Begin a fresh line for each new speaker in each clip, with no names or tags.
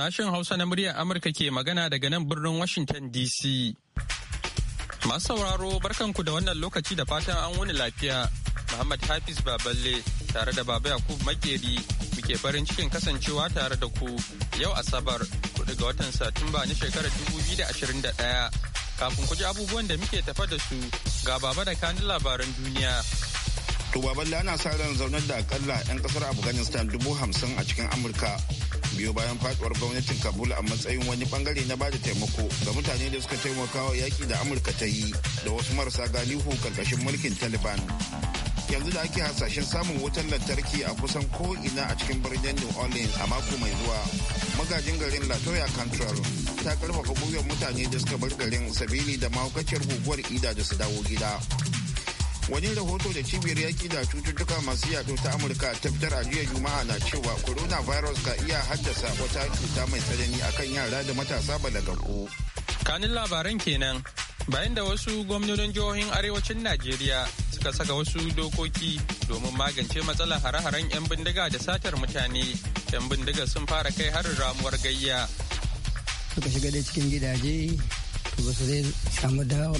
Sashen Hausa na muryar Amurka ke magana daga nan birnin Washington DC. Masu sauraro barkanku da wannan lokaci da fatan an wuni lafiya. Muhammad Hafiz Baballe tare da Baba Yakub Makeri muke farin cikin kasancewa tare da ku yau Asabar kuɗi ga watan Satumba na shekarar 2021. Kafin ku ji abubuwan da muke tafa da su ga Baba da kanin labaran duniya.
To Baballe ana sa ran zaunar da akalla 'yan kasar Afghanistan dubu hamsin a cikin Amurka biyo bayan faduwar gwamnatin kabul a matsayin wani bangare na bada taimako ga mutane da suka taimaka wa yaki da amurka ta yi da wasu marasa galihu karkashin mulkin taliban yanzu da ake hasashen samun wutar lantarki a kusan ko'ina a cikin birnin new orleans a mako mai zuwa magajin garin latoya control ta karfafa gwiwar mutane da suka bar garin sabili da mahaukaciyar guguwar ida da su dawo gida wani rahoto da cibiyar yaki da cututtuka masu yaɗo ta amurka ta fitar a jiya juma'a na cewa Corona coronavirus ka iya haddasa wata cuta mai tsanani akan yara da matasa balagaku
kanin labaran kenan bayan da wasu gwamnonin jihohin arewacin najeriya suka saka wasu dokoki domin magance matsalar hare-haren 'yan bindiga da satar mutane 'yan bindiga sun fara kai harin ramuwar gayya
suka shiga da cikin gidaje to ba su zai samu da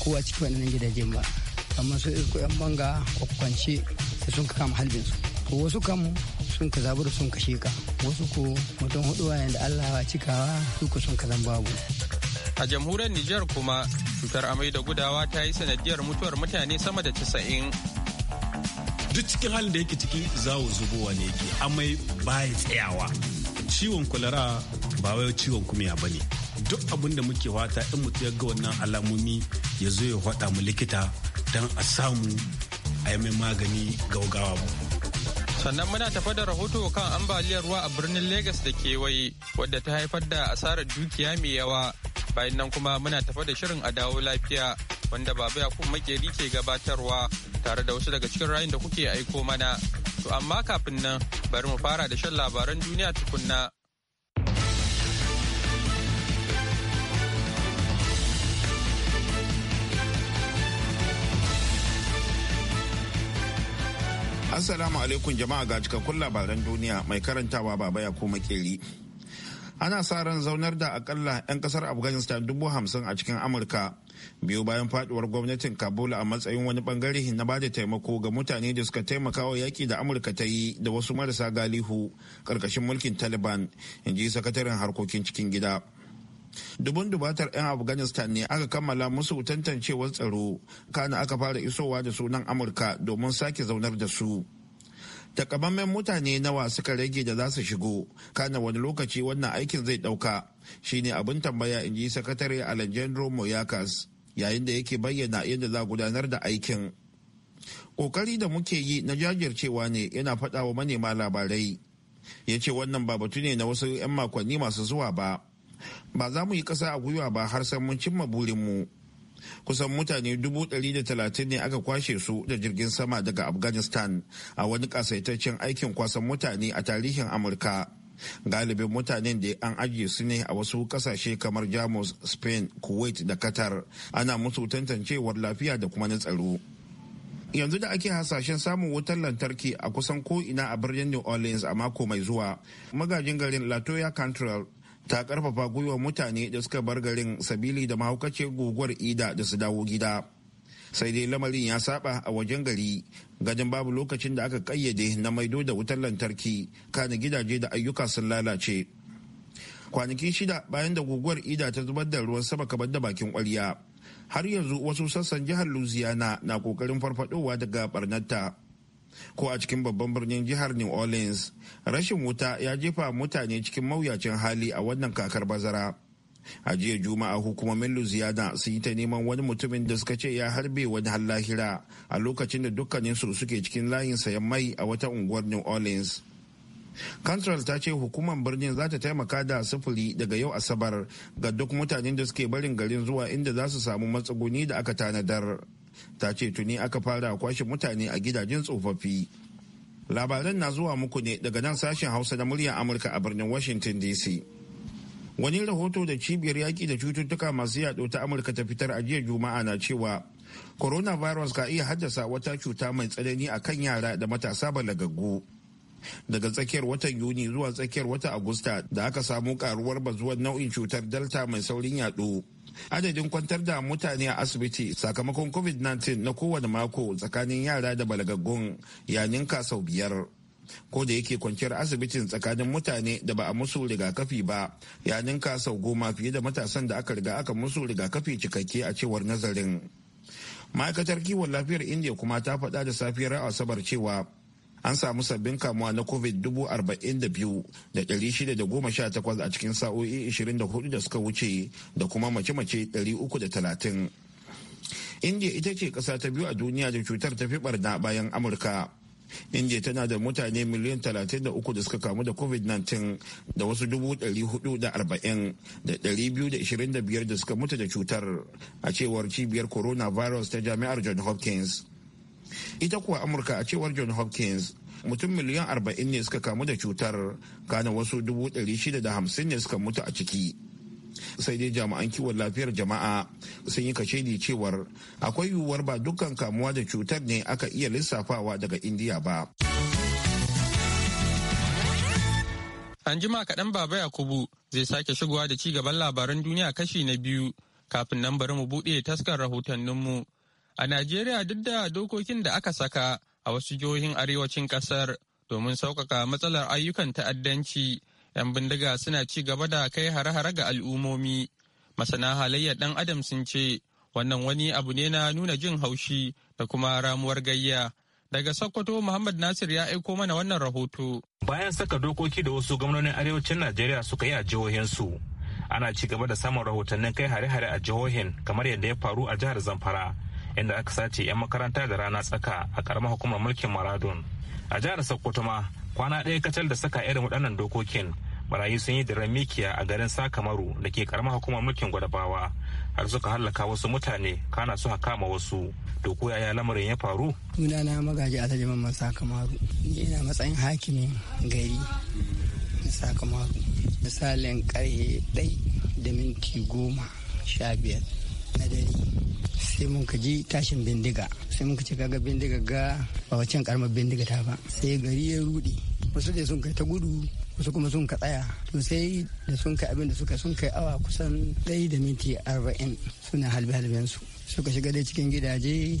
kowa cikin wannan gidajen ba amma sun isko yan banga kwakwance da sun kama halbinsu ko wasu kam sun ka da sun kashe ka wasu ko mutum huduwa yadda allah allah cikawa su ko sun ka zan babu
a jamhuriyar nijar kuma cutar amai da gudawa ta yi sanadiyar mutuwar mutane sama da casa'in
duk cikin halin da yake ciki zawo zubowa ne yake amai baya tsayawa ciwon kwalara ba wai ciwon kumiya ba ne duk abinda muke wata in mutu ya ga wannan alamomi ya zo ya faɗa mu likita don a samu
a yi magani gaugawa sannan muna tafa da rahoto kan ambaliyar ruwa a birnin Legas da kewaye wadda ta haifar da asarar dukiya mai yawa bayan nan kuma muna tafa da shirin a dawo lafiya wanda baba yakub makeri ke gabatarwa tare da wasu daga cikin rayun da kuke aiko mana to amma kafin nan bari mu fara da shan labaran duniya tukunna
Assalamu alaikum jama'a ga cikakkun labaran duniya mai karantawa baba ya kuma keri. Ana sa ran zaunar da akalla 'yan kasar Afghanistan dubu hamsin a cikin Amurka biyu bayan faduwar gwamnatin Kabul a matsayin wani bangare na ba da taimako ga mutane da suka taimaka wa yaki da Amurka ta yi da wasu marasa galihu karkashin mulkin Taliban, in ji sakataren harkokin cikin gida. dubin dubatar 'yan afghanistan ne aka kammala musu tantancewar tsaro kana aka fara isowa da sunan amurka domin sake zaunar da su takamammen mutane nawa suka rage da za su shigo kana wani lokaci wannan aikin zai dauka shine abin tambaya in ji sakatare alejandro moyakas yayin da yake bayyana yadda za gudanar da aikin kokari da muke yi na jajircewa ne yana faɗawa manema labarai ya ce wannan ba batu ne na wasu 'yan makonni masu zuwa ba ba za mu yi ƙasa a gwiwa ba har san mun cimma burinmu kusan mutane dubu ɗari da talatin ne aka kwashe su da jirgin sama daga afghanistan a wani ƙasaitaccen aikin kwasan mutane a tarihin amurka galibin mutanen da an ajiye su ne a wasu kasashe kamar jamus spain kuwait da qatar ana musu tantancewar lafiya da kuma na tsaro yanzu da ake hasashen samun wutar lantarki a kusan ko'ina a birnin new orleans a mako mai zuwa magajin garin latoya cantrell ta karfafa gwiwa mutane da suka bar garin sabili da mahaukacin guguwar ida da su dawo gida sai dai lamarin ya saba a wajen gari gajin babu lokacin da aka kayyade na maido da wutar lantarki kana gidaje da ayyuka sun lalace kwanaki shida bayan da guguwar ida ta zubar da ruwan sama kamar da bakin kwarya har yanzu wasu sassan jihar louisiana na kokarin farfadowa daga barnarta ko a cikin babban birnin jihar new orleans rashin wuta ya jefa mutane cikin mawuyacin hali a wannan kakar bazara a jiya juma'a hukumomin louisiana sun yi ta neman wani mutumin da suka ce ya harbe wani hallahira a lokacin da dukkaninsu suke cikin layin sayan mai a wata unguwar new orleans Kantral ta ce hukumar birnin za ta taimaka da sufuri daga yau asabar ga duk mutanen da suke barin garin zuwa inda za su samu matsuguni da aka tanadar. ta ce tuni aka fara kwashe mutane a gidajen tsofaffi labaran na zuwa muku ne daga nan sashen hausa na muryar amurka a birnin washington dc wani rahoto da cibiyar yaƙi da cututtuka masu yaɗo ta amurka ta fitar a jiya juma'a na cewa coronavirus ka iya haddasa wata cuta mai tsanani a kan yara da matasa balagaggu daga tsakiyar watan yuni zuwa tsakiyar watan agusta da aka samu karuwar bazuwar nau'in cutar delta mai saurin yaɗo adadin kwantar da mutane a asibiti sakamakon covid-19 na kowane mako tsakanin yara da balagaggun ya ninka sau biyar ko da yake kwanciyar asibitin tsakanin mutane da ba a musu rigakafi ba ya ninka sau goma fiye da matasan da aka riga aka musu rigakafi cikakke a cewar nazarin ma'aikatar kiwon lafiyar india kuma ta faɗa da safiyar asabar cewa an samu sabbin kamuwa na covid 42,618 a cikin sa'o'i 24 da suka wuce da kuma mace-mace 330 india ita ce ƙasa ta biyu a duniya da cutar ta fi barna bayan amurka india tana da mutane miliyan 33 da suka kamu da covid-19 da wasu 440,225 da suka mutu da cutar a cewar cibiyar coronavirus ta jami'ar john hopkins ita kuwa amurka a cewar john hopkins mutum miliyan 40 ne suka kamu da cutar kana wasu 650 ne suka mutu a ciki sai dai jami'an kiwon lafiyar jama'a sun yi kashe ne cewar akwai yiwuwar ba dukkan kamuwa da cutar ne aka iya lissafawa daga indiya ba
an jima kaɗan baba yakubu zai sake shigowa da ci gaban labaran duniya kashi na biyu kafin nan bari mu buɗe taskar rahotanninmu A Najeriya duk da dokokin da aka saka a wasu jihohin arewacin ƙasar domin sauƙaƙa matsalar ayyukan ta'addanci, 'yan bindiga suna ci gaba da kai hare-hare ga al'ummomi. Masana halayyar ɗan Adam sun ce, wannan wani abu ne na nuna jin haushi da kuma ramuwar gayya. Daga Sokoto Muhammad Nasir ya aiko mana wannan rahoto. Bayan saka dokoki
da wasu gwamnonin arewacin Najeriya suka yi a jihohinsu, ana ci gaba da samun rahotannin kai hare-hare a jihohin kamar yadda ya faru a jihar Zamfara. inda aka sace 'yan makaranta da rana tsaka a karamar hukumar mulkin maradon a jihar sokoto ma kwana ɗaya kacal da saka irin waɗannan dokokin barayi sun yi diran mikiya a garin sakamaru da ke karamar hukumar mulkin gwadabawa har suka hallaka wasu mutane kana su ma wasu to ko yaya lamarin ya faru
sunana magaji alhaji mamman sakamaru yana matsayin hakimin gari sakamaru misalin karhe ɗai da minti goma sha biyar na dare sai mun ka ji tashin bindiga sai mun ka ce kaga bindiga ga ba wacan karamar bindiga ta ba sai gari ya rudi wasu da sun kai ta gudu wasu kuma sun ka tsaya to sai da sun kai abin da suka sun kai awa kusan ɗaya da minti arba'in suna halbe halben su suka shiga dai cikin gidaje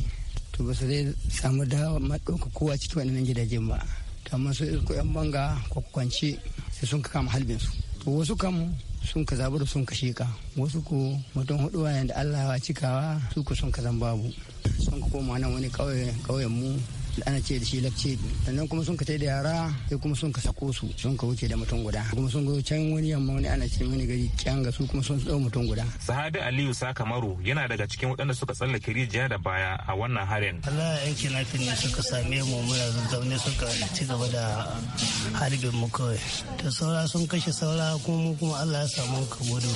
to ba su dai samu dawa ɗauka kowa cikin waɗannan gidajen ba to amma su yan banga kwakwance sai sun kama halbin su to wasu kam sun ka zaɓi sun ka sheka wasu ko mutum hudu wayan da Allah ya cikawa su ku sun ka zan babu sun ka koma nan wani kauyen mu ana ce da shi lafce sannan kuma sun ka tai da yara sai kuma sun ka sako su sun ka wuce da mutum guda kuma sun go can wani yamma wani ana ce wani gari ga su kuma sun tsau mutum guda
sahadu aliyu sakamaru yana daga cikin waɗanda suka tsallake rijiya da baya a wannan harin
Allah ya yanke nafin ne suka same mu muna zaune suka ci gaba da harbin mu kawai to saura sun kashe saura kuma mu kuma Allah ya samu ka gudu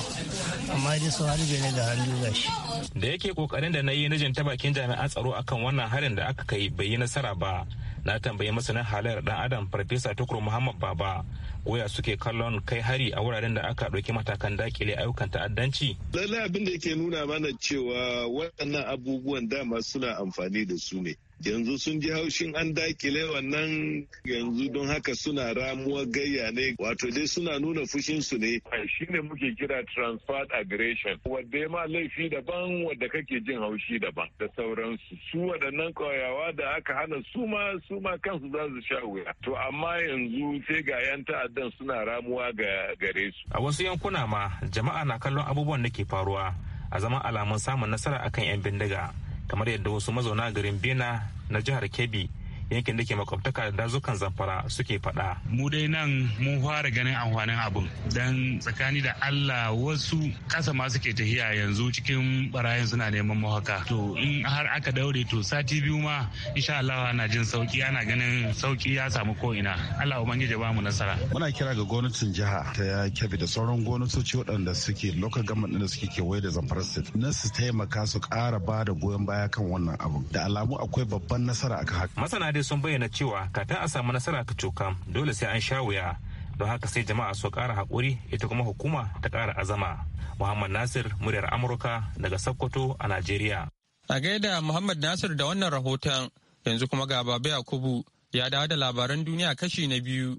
amma dai sau harbe ne ga hannu gashi
da yake kokarin da na yi na jin ta bakin jami'an tsaro akan wannan harin da aka kai bai yi nasara ba na tambayi masanin halayyar dan adam farfesa tukur muhammad baba waya suke kallon kai hari a wuraren da aka ɗauki matakan dakile ayyukan ta'addanci.
Lallai abin da yake nuna mana cewa waɗannan abubuwan dama suna amfani da su ne. yanzu sun ji haushin an dakile wannan yanzu don haka suna ramuwa gayya ne wato dai suna nuna fushinsu ne shi ne muke kira transferred aggression wadda ma laifi daban wadda kake jin haushi daban da sauransu
su waɗannan ƙauyawa da aka hana su ma kansu za su sha wuya to amma yanzu sai ga yan ta'adda dan
suna ramuwa ga gare su. A wasu yankuna ma jama'a na kallon abubuwan da ke faruwa a zaman alamun samun nasara akan 'yan bindiga kamar yadda wasu mazauna garin Bena na jihar Kebbi yankin da ke makwabtaka da dazukan zamfara suke fada. mu dai nan mun fara ganin amfanin abun don tsakani da allah wasu kasa ma suke tahiya yanzu cikin barayin suna neman mahaka to in har aka daure to sati biyu ma insha allah ana jin sauki ana ganin sauki ya samu ko ina allah ubangiji ba mu nasara
muna kira ga gwamnatin jiha ta kebe da sauran gwamnatoci waɗanda suke gama ɗin da suke kewaye da zamfara state na su taimaka su ƙara ba da goyon baya kan wannan abu da alamu akwai babban nasara akan haka
masana dai sun bayyana cewa kafin a samu nasara ta coka dole sai an sha wuya don haka sai jama'a su ƙara haƙuri ita kuma hukuma ta kara azama muhammad nasir muryar amurka daga sokoto a najeriya
a gaida muhammad nasir da wannan rahoton yanzu kuma ga babu yakubu ya dawo da labaran duniya kashi na biyu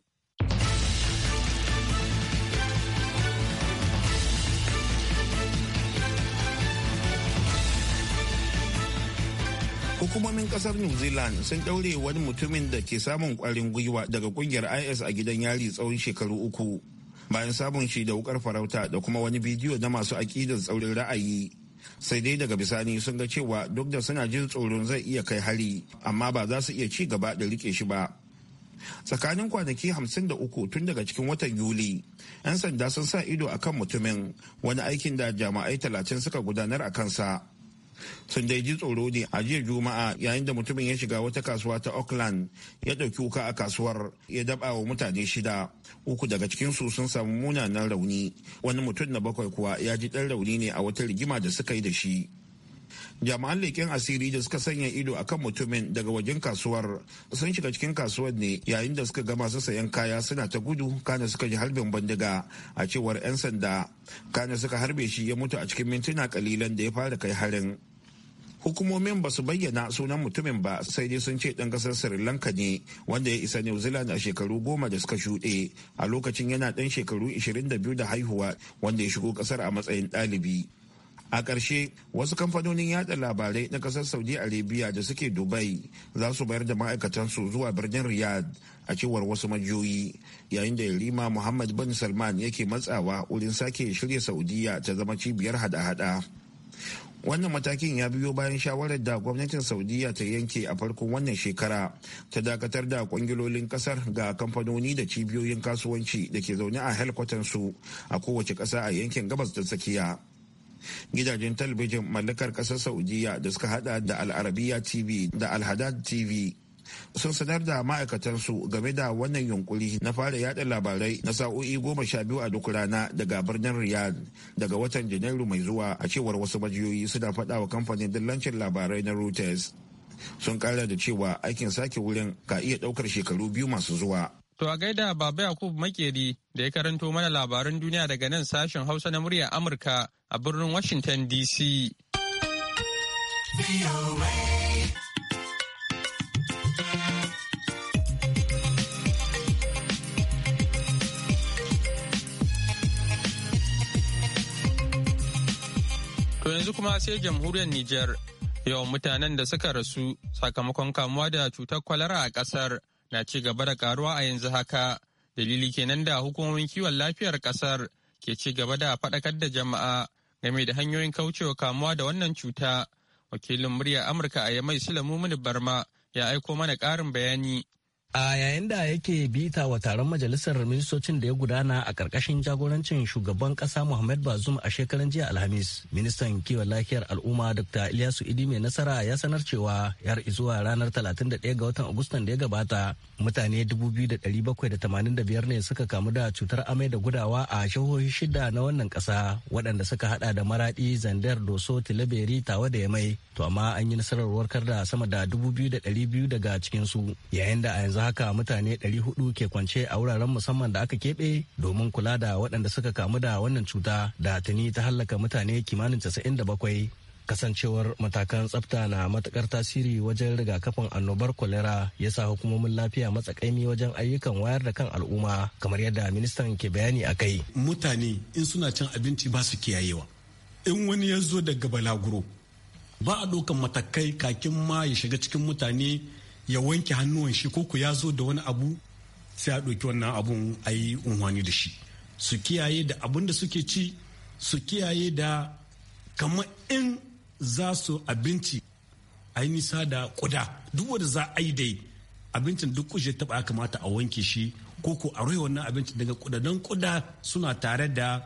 hukumomin kasar new zealand sun daure wani mutumin da ke samun kwarin gwiwa daga kungiyar is a gidan yari tsawon shekaru uku bayan samun shi da wukar farauta da kuma wani bidiyo na masu aƙidar tsaurin ra'ayi sai dai daga bisani sun ga cewa duk da suna jin tsoron zai iya kai hari amma ba za su iya ci gaba da rike shi ba tsakanin kwanaki hamsin da uku tun daga cikin watan yuli 'yan sanda sun sa ido akan mutumin wani aikin da jama'ai 30 suka gudanar a kansa sun dai ji tsoro ne a jiya juma'a yayin da mutumin ya shiga wata kasuwa ta auckland ya ɗauki wuka a kasuwar ya daba wa mutane shida uku daga cikin su sun samu munanan rauni wani mutum na bakwai kuwa ya ji ɗan rauni ne a wata rigima da suka yi da shi jami'an leƙen asiri da suka sanya ido akan mutumin daga wajen kasuwar sun shiga cikin kasuwar ne yayin da suka ga masu sayan kaya suna ta gudu kana suka ji harbin bandiga a cewar 'yan sanda kana suka harbe shi ya mutu a cikin mintuna kalilan da ya fara kai harin hukumomin ba su bayyana sunan mutumin ba sai dai sun ce dan kasar sri lanka ne wanda ya isa new zealand a shekaru goma da suka shuɗe a lokacin yana dan shekaru 22 da haihuwa wanda ya shigo kasar a matsayin ɗalibi a ƙarshe wasu kamfanonin yada labarai na ƙasar saudi arabia da suke dubai za su bayar da ma'aikatansu zuwa birnin riyadh a cewar wasu majiyoyi yayin da yarima muhammad bin salman yake matsawa wurin sake shirya saudiya ta zama cibiyar hada-hada wannan matakin ya biyo bayan shawarar da gwamnatin saudiya ta yanke a farkon wannan shekara ta dakatar da kwangilolin kasar ga kamfanoni da cibiyoyin kasuwanci da ke zaune a helkwatansu a kowace ƙasa a yankin gabas da tsakiya gidajen talabijin mallakar ƙasar saudiya da suka hada da al'arabiya tv da alhadad tv sun sanar da ma'aikatansu game da wannan yunkuri na fara yada labarai na sa'o'i goma sha biyu a duk rana daga birnin riyadh daga watan janairu mai zuwa a cewar wasu majiyoyi suna faɗa wa kamfanin dillancin labarai na reuters sun kara da cewa aikin sake wurin ka iya ɗaukar shekaru biyu masu zuwa
To a gaida Baba Yakubu Makeri da ya karanto mana labaran duniya daga nan sashen Hausa na muryar Amurka a birnin Washington DC. yanzu kuma sai jamhuriyar Nijar. Yawan mutanen da suka rasu sakamakon kamuwa da cutar kwalara a ƙasar na ci gaba da karuwa a yanzu haka. Dalili kenan da hukumomin kiwon lafiyar ƙasar ke ci gaba da faɗakar da jama'a game da hanyoyin kaucewa kamuwa da wannan cuta. Wakilin murya Amurka a Yamai Sulamu Barma ya aiko mana ƙarin bayani.
A yayin da yake bita wa taron majalisar ministocin da ya gudana a ƙarƙashin jagorancin shugaban ƙasa Muhammad Bazoum a shekaran jiya Alhamis, ministan kiwon lafiyar al'umma Dr. Ilyasu Idi mai nasara ya sanar cewa yar izuwa ranar 31 ga watan Agustan da ya gabata mutane 2,785 ne suka kamu da cutar amai da gudawa a jihohi shida na wannan ƙasa waɗanda suka hada da Maraɗi, Zandar, Doso, Tilaberi, Tawa da mai To amma an yi nasarar warkar da sama da 2,200 daga cikinsu yayin da a yanzu haka mutane 400 ke kwance a wuraren musamman da aka keɓe domin kula da waɗanda suka kamu da wannan cuta da tuni ta hallaka mutane kimanin 97 kasancewar matakan tsafta na matakar tasiri wajen rigakafin annobar kwalera ya sa hukumomin lafiya matsakaimi wajen ayyukan wayar da kan al'umma kamar yadda ministan
ke bayani a kai mutane in suna cin abinci ba su kiyayewa in wani ya zo daga balaguro ba a ɗaukan matakai kakin ma ya shiga cikin mutane ya wanke hannuwan shi koko ya zo da wani abu sai a ɗauki wannan abun a yi unwani da shi su kiyaye da abun da suke ci su kiyaye da kamar in za su abinci a yi nisa da kuda duk wanda za a yi dai abincin duk kushe taba ya kamata a wanke shi ko ku a rufe wannan abincin daga kuda don kuda suna tare da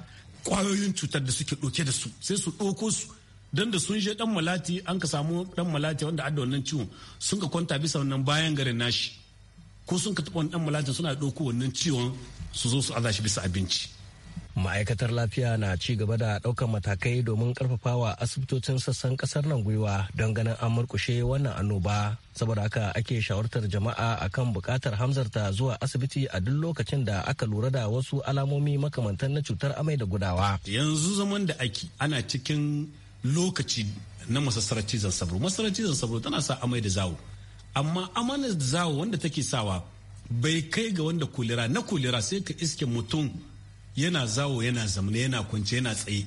kwayoyin cutar da suke ɗauke da su sai su ɗauko su don da sun je dan malati an ka samu dan malati wanda adda wannan ciwon sun ka kwanta bisa wannan bayan garin nashi ko sun ka taɓa dan malati suna ɗauko wannan ciwon su zo su aza shi bisa abinci
ma'aikatar lafiya na ci gaba da ɗaukar matakai domin karfafa wa asibitocin sassan ƙasar nan gwiwa don ganin an murkushe wannan annoba saboda haka ake shawartar jama'a akan buƙatar hamzarta zuwa asibiti a duk lokacin da aka lura da wasu alamomi makamantan na cutar amai da gudawa
yanzu zaman da ake ana cikin lokaci na masassarar cizon sabro masassarar cizon sabro tana sa amai da zawo amma amanar zawo wanda take sawa bai kai ga wanda kulera na kulera sai ka iske mutum yana zawo yana zamana yana kwance yana tsaye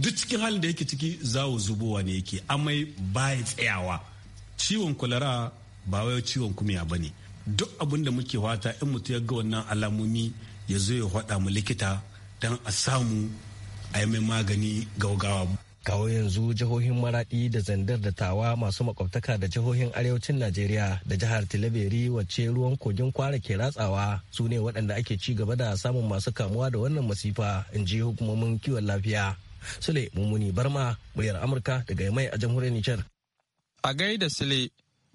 duk cikin halin da yake ciki zawo zubowa ne yake amai baya tsayawa ciwon kulira ba wai ciwon kumiya ba ne duk abin da muke wata in mutum ya ga wannan alamomi ya zo ya faɗa mu likita don a samu a yi mai magani gaugawa kawo yanzu
jihohin maradi da zandar da tawa masu makwabtaka
da jihohin arewacin najeriya
da jihar tilaberi wacce ruwan kogin kwara ke ratsawa su ne waɗanda ake ci gaba da samun masu kamuwa da wannan masifa in ji hukumomin kiwon lafiya sule mummuni barma buyar amurka daga mai a jamhuriyar nijar
a gaida sule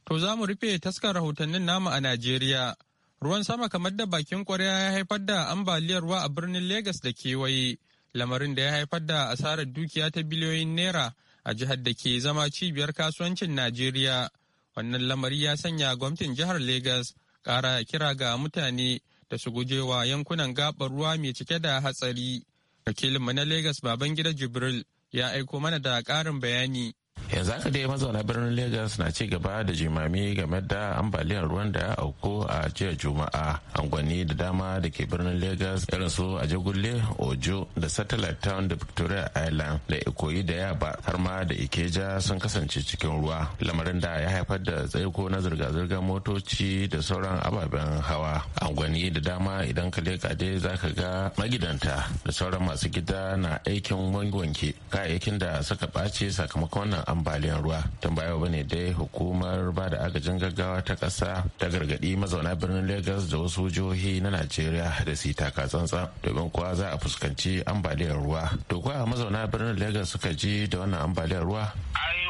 to za mu rufe taskar rahotannin namu a najeriya ruwan sama kamar da bakin kwarya ya haifar da ambaliyar ruwa a birnin Legas da kewaye lamarin da ya haifar da asarar dukiya ta biliyoyin naira a jihar da ke zama cibiyar kasuwancin Najeriya. Wannan lamari ya sanya gwamnatin jihar Legas ƙara kira ga mutane da su gujewa yankunan gabar ruwa mai cike da hatsari. Wakilinmu na Legas Babangida Jibril ya aiko mana da ƙarin bayani. yanzu haka dai mazauna
birnin lagos na ci gaba da jimami game da ambaliyar ruwan da ya auku a jiya juma'a angwani da dama da ke birnin lagos irin su a jagulle ojo da satellite town da victoria island da ikoyi da yaba har ma da ikeja sun kasance cikin ruwa lamarin da ya haifar da tsaiko na zirga-zirgar motoci da sauran ababen hawa angwani da dama idan ka leka dai za ka ga magidanta da sauran masu gida na aikin wanke kayayyakin da suka ɓace sakamakon wannan ambaliyar ruwa tun baya ba ne dai hukumar ba da agajin gaggawa ta ƙasa ta gargaɗi mazauna birnin lagos da wasu jihohi na najeriya da su taka tsantsan domin kuwa za a fuskanci ambaliyar ruwa to kuwa mazauna birnin lagos suka ji da wannan ambaliyar ruwa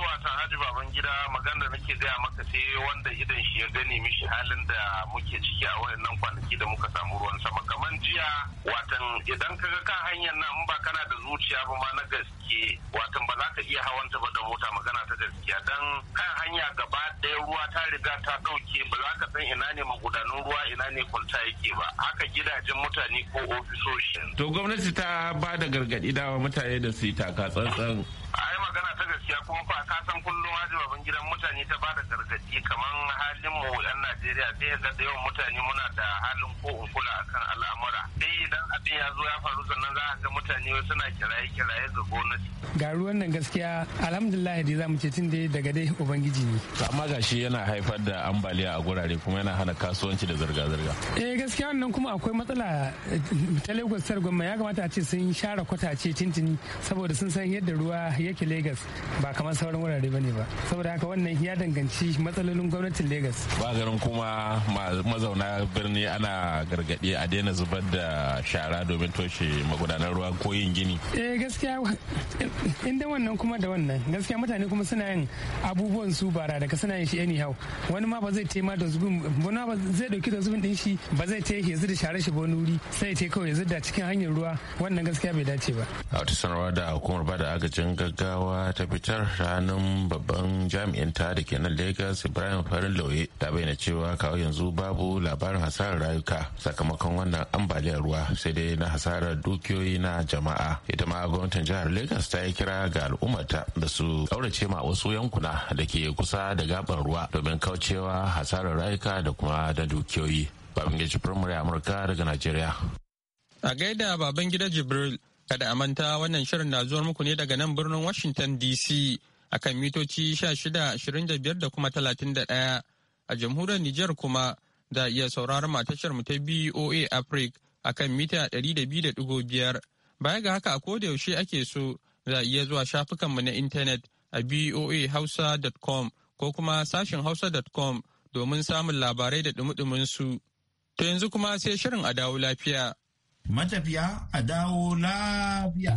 kanwata Haji gida magana da nake gaya maka sai wanda idan shi ya gani mishi halin da muke ciki a wayannan kwanaki da muka samu ruwan sama kaman jiya watan idan ka ga kan hanyar nan in ba kana da zuciya ba ma na gaske watan ba za ka iya hawan ta ba da mota magana ta gaskiya dan kan hanya gaba ɗaya ruwa ta riga ta ɗauke ba za ka san ina ne magudanun ruwa ina ne kwanta yake ba haka gidajen mutane ko ofisoshin. To gwamnati ta ba da gargaɗi dawa mutane da su yi taka tsantsan ai magana ta gaskiya kuma fa ka san kullum babban gidan mutane ta bada gargaɗi kamar halin mu yan Najeriya sai ga da yawan mutane muna da halin ko in kula akan al'amura sai idan abin ya zo ya faru sannan za a ga mutane suna kiraye kiraye ga gwamnati
ga ruwan nan gaskiya alhamdulillah dai zamu ce tun dai daga dai ubangiji ne
to amma gashi yana haifar da ambaliya a gurare kuma yana hana kasuwanci da zirga zirga
eh gaskiya wannan kuma akwai matsala ta Lagos gwamma ya kamata a ce sun share kwatace tintini saboda sun san yadda ruwa yake Legas ba kamar sauran wurare bane ba saboda haka wannan ya danganci matsalolin gwamnatin Legas
ba garin kuma mazauna birni ana gargaɗi a daina zubar da shara domin toshe magudanar ruwa ko yin gini
eh gaskiya inda wannan kuma da wannan gaskiya mutane kuma suna yin abubuwan su bara daga suna yin shi anyhow wani ma ba zai tema da zubin wani ba zai dauki da zubin din shi ba zai ta yake da share shi ba wani wuri sai ta kawai da cikin hanyar ruwa wannan gaskiya bai dace ba
a wata sanarwa da hukumar ba da agajin gaggawa ta fitar ranar babban jami'in ta da ke nan Lagos Ibrahim Farin Lauye ta bayyana cewa kawo yanzu babu labarin hasarar rayuka sakamakon wannan ambaliyar ruwa sai dai na hasarar dukiyoyi na jama'a. Ita ma gwamnatin jihar Lagos ta yi kira ga al'ummata da su kaurace ma wasu yankuna da ke kusa da gabar ruwa domin kaucewa hasarar rayuka da kuma da dukiyoyi. Babangida Jibril Amurka daga Najeriya.
A gaida Babangida Jibril Kada a manta wannan shirin na zuwar muku ne daga nan birnin Washington DC akan mitoci 1625 da kuma 31 a jamhuriyar Nijar kuma za iya sauraron matashar mu ta BOA Africa akan mita 200.5 baya ga haka a koda yaushe ake so za iya zuwa shafukanmu na intanet a boahausa.com ko kuma sashin hausa.com domin samun labarai da dumudumin su. To yanzu kuma sai shirin a dawo lafiya.
matafiya a dawo lafiya.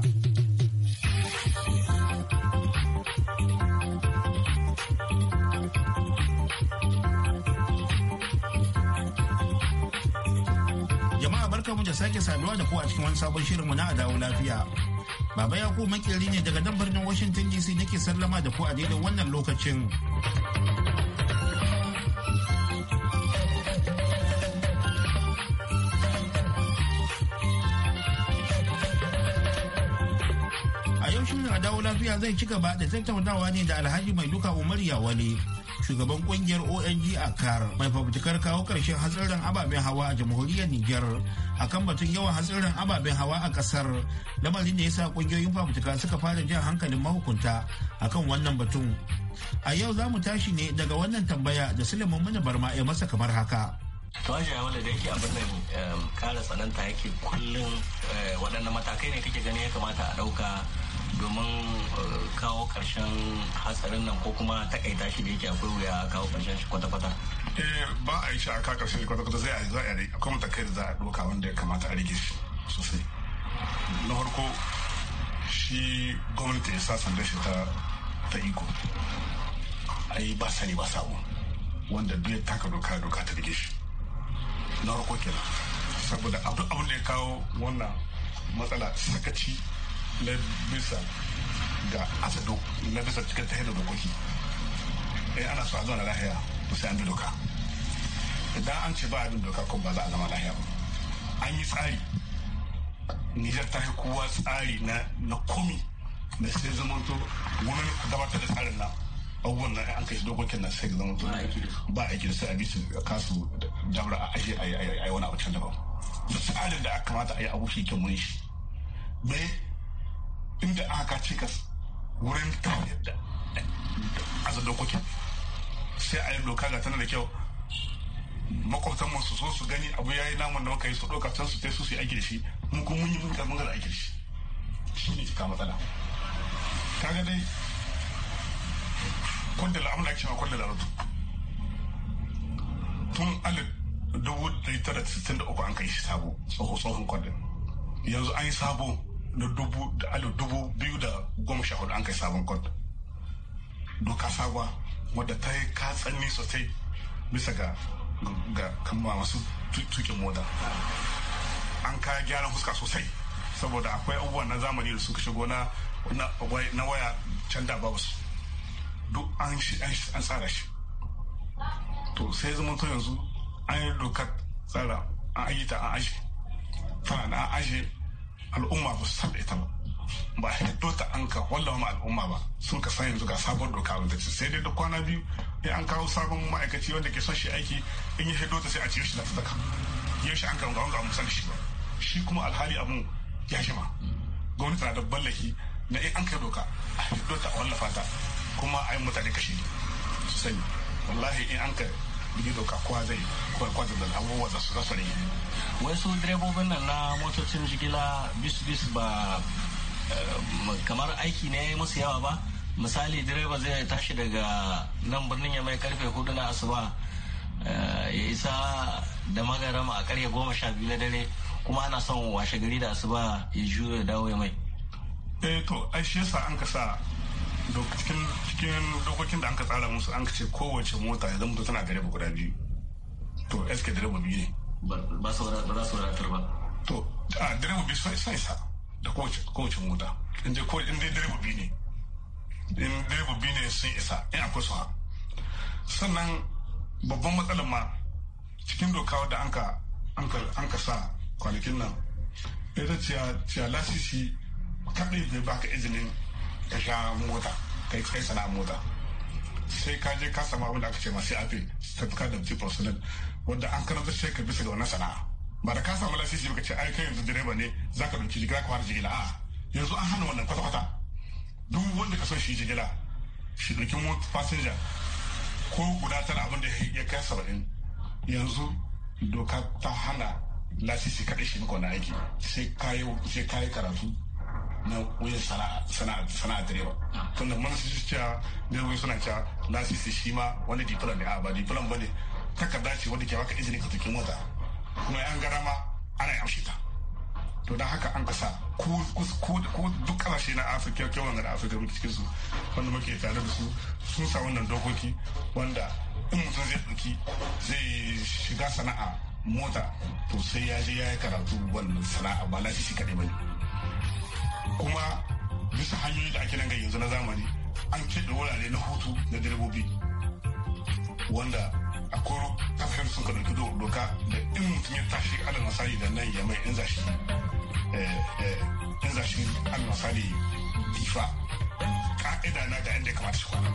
Jama'a barkamu da sake saduwa da ku a cikin wani sabon shirinmu na a dawo lafiya. Baba ya ku makeri ne daga nan birnin Washington DC nake sallama da ku a daidai wannan lokacin. lafiya zai ci gaba da tattaunawa ne da alhaji mai duka umar yawale shugaban kungiyar ong a kar mai fafutukar kawo karshen hatsarin ababen hawa a jamhuriyar niger akan batun yawan hatsarin ababen hawa a kasar lamarin da ya sa kungiyoyin fafutuka suka fara jan hankalin mahukunta akan wannan batun a yau za mu tashi ne daga wannan tambaya da sulaiman mana barma ya masa kamar haka
Tawaja wanda da yake abin nan kara tsananta yake kullum eh, waɗanne matakai ne kake gani ya kamata a ɗauka domin eh, kawo karshen hatsarin nan ko kuma takaita shi da yake akwai wuya kawo karshen shi kwata-kwata
eh, ba a yi shi a kawo karshen shi kwata-kwata zai a za a yi akwai matakai da za a doka wanda ya kamata a rige shi sosai na farko shi gwamnati ya sa sanda shi ta iko a yi ba sani ba sabo wanda duk ya taka doka doka ta rige shi na farko kenan saboda abin da ya kawo wannan matsala sakaci na bisa ga asado na bisa cikin ta da dokoki in eh, ana so a zauna lahiya to sai an bi doka idan an ce ba a bin doka ko ba za a zama lahiya ba an yi tsari nijar ta fi kowa tsari na na komi da sai zamanto wurin gabatar da tsarin nan abubuwan nan an kai shi dokokin nan sai zama to ba aiki da sai a bisu kasu dabra a ashe a yi wani abu can daban da tsarin da aka kamata a yi abu shi kyan mun shi inda aka cikas wurin ta da a zan dokokin sai a yi doka ga tana da kyau makwabtan mu su zo su gani abu ya yi namun da muka yi su ɗauka can su tai su su yi aiki da shi mun kuma mun yi mun karɓi aiki da shi shi ne cika matsala kaga dai kunda la'amuna ake cewa kunda la'arutu tun alif dubu da tara sittin da uku an kai shi sabo tsohon kwadin yanzu an yi sabo na dubu da alif dubu biyu da goma sha hudu an kai sabon kod doka sabuwa wadda ta yi katsanni sosai bisa ga ga kama masu tukin moda an kaya gyara fuska sosai saboda akwai abubuwan na zamani da suka shigo na na waya can da babu su duk an tsara shi to sai zama to yanzu an yi dokar tsara an ayyuta an ashe fara na an ashe al'umma ba su san ita ba ba a hito ta an ka wallawa ma al'umma ba sun ka san yanzu ga sabon doka wanda ce sai dai da kwana biyu ya an kawo sabon ma'aikaci wanda ke son shi aiki in ya hito ta sai a ciyo shi da sadaka yau shi an ka wanga san shi ba shi kuma alhali abun ya ma gwamnati na da ballaki na in an kai doka a hito ta a wallafa ta kuma a yi mutane kashe su sani wallahi in an ka kowa zai da su wai
wasu direbobin nan na motocin jigila bis bis ba eh, kamar aiki ne musu yawa ba misali direba zai tashi daga nan birnin ya mai karfe hudu na asuba eh, ya isa da magarama a karfe goma sha biyu na dare kuma ana son washe gari da asuba ya juyo ya dawo ya mai eh to ai shi yasa an ka
cikin dokokin da an ka tsara musu an ce kowace mota ya zama tana da raba guda biyu to eske da raba biyu ne ba su wadatar ba to a da raba biyu sai sa da kowace mota in je kowace in dai da raba biyu ne in da biyu ne sun isa in akwai su sannan babban matsalar ma cikin doka da an ka sa kwanakin nan ita ce lasisi kaɗai bai baka izinin ka sha mota kai kai sana mota sai ka je ka samu da aka ce masu afe certificate da mutu personal wanda an karanta shi ka bisa ga wannan sana'a ba da ka samu lasisi ba ka ce ai kai yanzu direba ne za ka dauki jigila ka fara jigila a yanzu an hana wannan kwata-kwata duk wanda ka so shi jigila shi dauki mota fasinja ko guda tara abin da ya kai saba'in yanzu doka ta hana lasisi kaɗai shi maka wani aiki sai kayi karatu na wajen sana'a direba ah. tunda mana su cewa direbobi suna cewa lasisi shi ma wani diplom ne a ah, ba diplom ba ne takarda ce wanda ke baka izini ka tuki mota kuma yan garama ana yamshi ta to don haka an kasa ko duk kasashe na afirka kyau wanda afirka muke cikin su wanda muke tare da su sun sa wannan dokoki wanda in mutum zai ɗauki zai shiga sana'a mota to sai ya je ya yi karatu wannan sana'a ba lafi shi kaɗai ba ne kuma bisa hanyoyi da ake nan ga yanzu na zamani an ce da wurare na hutu na direbobi wanda a koro kasar sun ka dauki doka da in mutum ya tashi alal misali da nan ya mai in zashi eh, eh, in zashi alal misali difa ka'ida na ga inda ya kamata shi kwana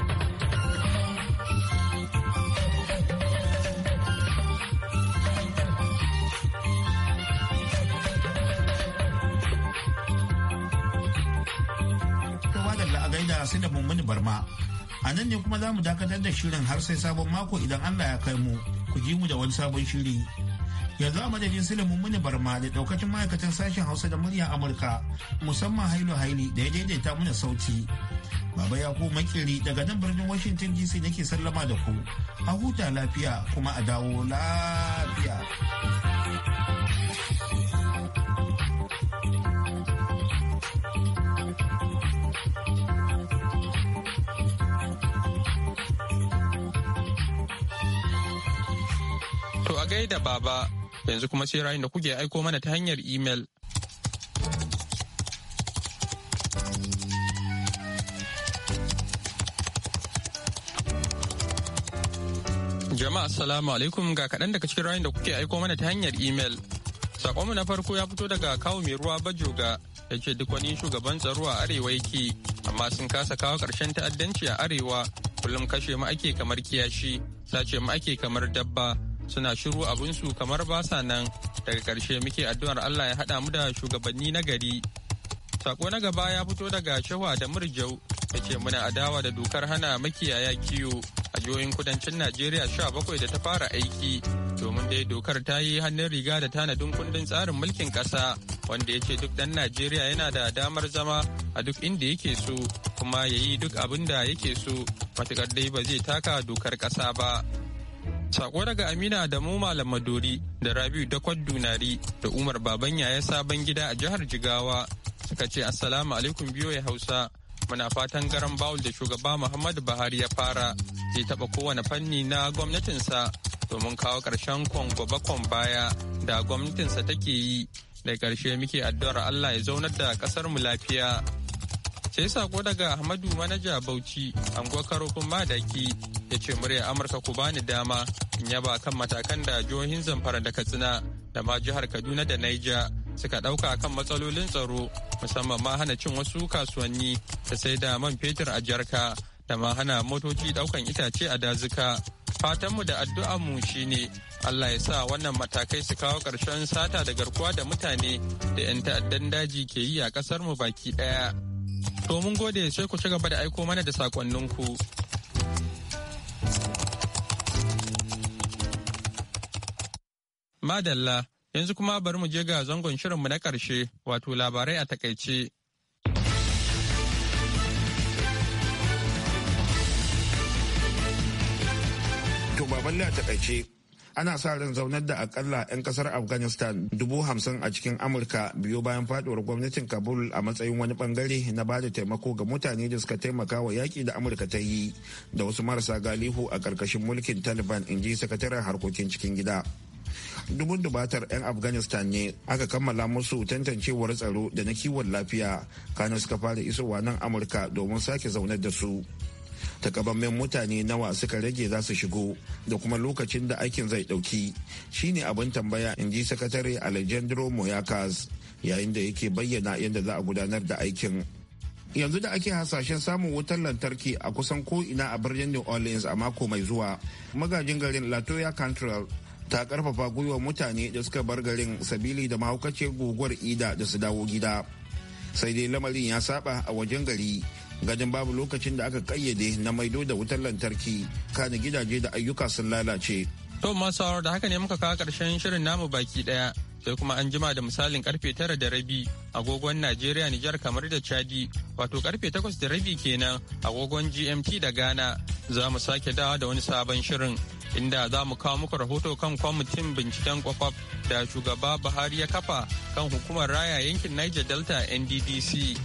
sai da mummuni barma. A nan ne kuma za mu dakatar da shirin har sai sabon mako idan Allah ya kai mu ku ji mu da wani sabon shiri. Yanzu a madadin Suleiman mummuni Barma da daukacin ma'aikatan sashen Hausa da murya Amurka musamman Hailu Haili da ya daidaita mu da sauti. Baba ya ko makiri daga nan birnin Washington DC nake sallama da ku. A huta lafiya kuma a dawo lafiya.
da baba, yanzu kuma sai rayun da kuke aiko mana ta hanyar imel. Jama'a assalamu alaikum ga kaɗan daga cikin rayun da kuke aiko mana ta hanyar imel. Sakonmu na farko ya fito daga kawo mai ruwa bajoga da ce duk wani shugaban tsaro a arewa yake amma sun kasa kawo ƙarshen ta'addanci a arewa kullum kashe mu ake kamar kiyashi sace mu ake kamar dabba suna shiru abinsu kamar ba sa nan daga ƙarshe muke addu'ar Allah ya haɗa mu da shugabanni na gari. Sako na gaba ya fito daga Shehwa da Murjau da ce muna adawa da dokar hana makiyaya kiwo a jihohin kudancin Najeriya sha bakwai da ta fara aiki domin dai dokar ta yi hannun riga da tanadin kundin tsarin mulkin ƙasa wanda ya ce duk ɗan Najeriya yana da damar zama a duk inda yake so kuma ya yi duk abin da yake so matuƙar dai ba zai taka dokar ƙasa ba. Sako daga Amina da mu Malam Madori da Rabiu Dakwad Dunari da Umar Babanyaya ya Sabon Gida a jihar Jigawa suka ce Assalamu alaikum biyo ya Hausa. Muna fatan garan bawul da shugaba Muhammadu Buhari ya fara zai taɓa kowane fanni na gwamnatinsa domin kawo ƙarshen kwan baya da gwamnatinsa take yi. Da ƙarshe muke addu'ar Allah ya zaunar da ƙasar mu lafiya. Sai sako daga Ahmadu Manaja Bauchi, Ango Karofin Madaki ya ce muryar amurka ku bani dama in yaba kan matakan da jihohin zamfara da katsina da ma jihar kaduna da naija suka ɗauka kan matsalolin tsaro musamman ma hana cin wasu kasuwanni da sai da man fetur a jarka da ma hana motoci daukan itace a dazuka fatanmu da addu'anmu shine allah ya sa wannan matakai su kawo karshen sata da garkuwa da mutane da 'yan ta'addan daji ke yi a ƙasarmu baki ɗaya to mun gode sai ku ci gaba da aiko mana da sakonninku Madalla, yanzu kuma bari mu je ga zangon shirinmu na ƙarshe wato labarai a takaice. To baban na takaice
ana sa ran zaunar da akalla 'yan kasar afghanistan dubu hamsin a cikin amurka biyu bayan faduwar gwamnatin kabul a matsayin wani bangare na ba da taimako ga mutane da suka taimaka wa yaki da amurka ta yi da wasu marasa galihu a karkashin mulkin taliban in ji sakataren harkokin cikin gida dubun dubatar 'yan afghanistan ne aka kammala musu tantancewar tsaro da na kiwon lafiya kano suka fara isowa nan amurka domin sake zaunar da su takamammen mutane nawa suka rage za su shigo da kuma lokacin da aikin zai dauki shine abin tambaya in ji sakatare alejandro moyakas yayin da yake bayyana yadda za a gudanar da aikin yanzu da ake hasashen samun wutar lantarki a kusan ko ina a birnin new orleans a mako mai zuwa magajin garin latoya cantrell ta karfafa gwiwa mutane da suka bar garin sabili da mahaukacin guguwar ida da su dawo gida sai dai lamarin ya saba a wajen gari gadin babu lokacin da aka kayyade na maido da wutar lantarki kane gidaje da ayyuka sun lalace.
To masu da haka ne muka kawo karshen shirin namu baki daya sai kuma an jima da misalin karfe tara da rabi agogon Najeriya Nijar kamar da Chadi wato karfe takwas da rabi kenan agogon GMT da Ghana za mu sake dawa da wani sabon shirin inda za mu kawo muku rahoto kan kwamitin binciken kwakwaf da shugaba Buhari ya kafa kan hukumar raya yankin Niger Delta NDDC.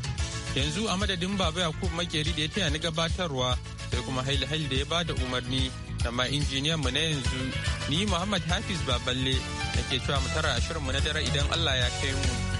yanzu a madadin baba yakub makeri da ya taya ni gabatarwa sai kuma haili-haili da ya ba da umarni da ma injiniyan mu na yanzu ni muhammad hafiz baballe da ke cewa mu tara ashirin mu na dare idan allah ya kai mu